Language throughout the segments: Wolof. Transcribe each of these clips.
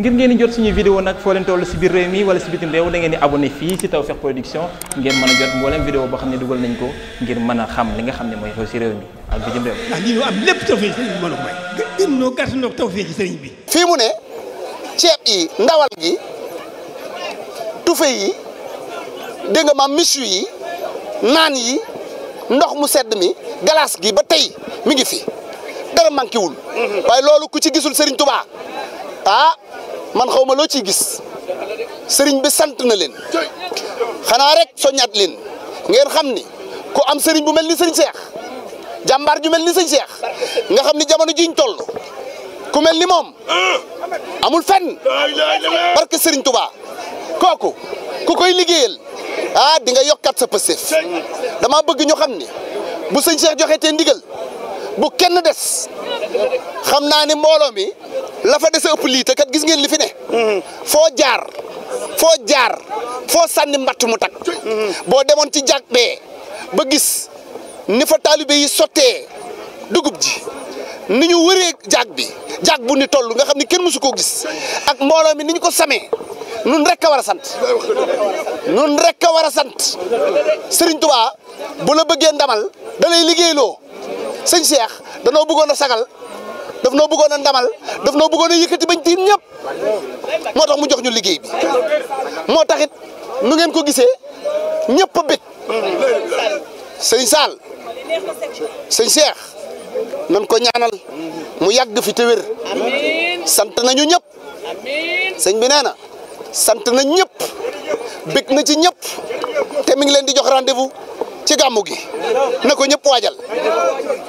ngir ngeen jot suñu vidéo nag foo leen toll si biir réew mi wala si bitim réew da ngeen di abonné fii si Tawfekh Production ngeen mën a jot mboolem vidéo boo xam ne dugal nañ ko ngir mën a xam li nga xam ne mooy xew si réew mi ak bitim réew. ndax lii ñu am bi mën fii mu ne ceeb yi ndawal gi tufe yi dégg nga maam michu yi naan yi ndox mu sedd mi glace gi ba tey mi ngi fi dara manqué wul. Mhm. waaye loolu ku ci gisul sëriñ Tuubaa ah, man xaw loo ci gis sëriñ bi sant na leen xanaa rek soññaat leen ngeen xam ni ku am sëriñ bu mel ni sëñ seex jàmbaar ju mel ni sëñ seex nga xam ni jamono jiñ toll ku mel ni moom amul fenn barke sëriñ Touba kooku ku koy liggéeyal ah di nga yokkat sa pësteef dama bëgg ñu xam ni bu sëñ Cheikh joxe te ndigal bu kenn des xam naa ni mbooloo mi. la fa dese ëpp lii kat gis ngeen li fi ne. foo jaar foo jaar foo sànni mbatt mu tak boo demoon ci jàkk bee ba gis ni fa taalibe yi sottee dugub ji ni ñu wëree jàkk bi jàkk bu ni toll nga xam ni kenn mësu koo gis ak mboolam mi ni ñu ko samee nun rek a war a sant nun rek a war a sant Sëriñ Tuubaa bu la bëggee ndamal da lay liggéeyloo sëñ seex danoo buggoon a sagal. daf noo bëggoon a ndamal daf noo bëggoon a yëkkati bañ tiim ñëpp moo tax mu jox ñu liggéey bi moo tax it nu ngeen ko gisee ñëpp a bég Saal sëñ Cheikh nan ko ñaanal mu yàgg fi te wér sant nañu ñëpp sëñ bi nee na sant na ñëpp bég na ci ñëpp te mi ngi leen di jox rendez-vous ci gàmmu gi. na ko ñëpp waajal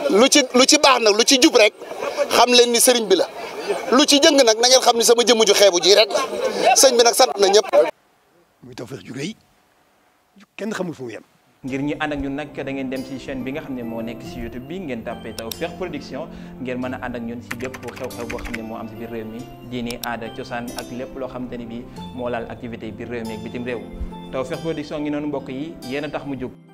lu ci lu ci baax nag lu ci jub rek xam leen ni sëriñ bi la lu ci jëng nag na ngeen xam ni sama jëmm ju xeebu ji rek la sëñ bi nag sant na ñëpp. muy Tawfekh ju rëy kenn xamul fu mu yem. ngir ñu ànd ak nag da ngeen dem ci chaîne bi nga xam ne moo nekk ci YouTube bi ngeen tàppee Tawfekh Production ngeen mën a ànd ak ñun ci bépp xew-xew boo xam ne moo am ci biir réew mi diini aada cosaan ak lépp loo xamante ni bi moo laal activité biir réew mi ak bitim réew Tawfekh Production ngi noonu mbokk yi yéen a tax mu jóg.